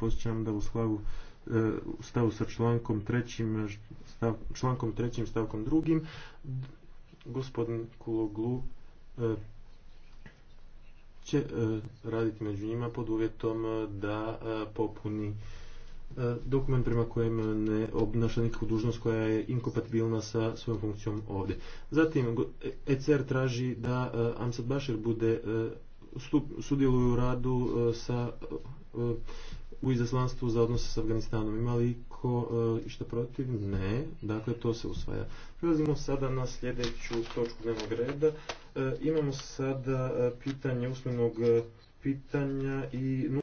Posjećam da u slavu e, stavu sa člankom trećim, stav, člankom trećim stavkom drugim gospodin Kuloglu e, će e, raditi među njima pod uvjetom da popuni dokument prema kojem ne obnaša nikakvu dužnost koja je inkompatibilna sa svojom funkcijom ovdje. Zatim ECR traži da Amsad Bašir bude sudjeluje u radu sa u izaslanstvu za odnose s Afganistanom. Ima li ko e, išta protiv? Ne. Dakle, to se usvaja. Prelazimo sada na sljedeću točku dnevnog reda. E, imamo sada e, pitanje usmenog pitanja i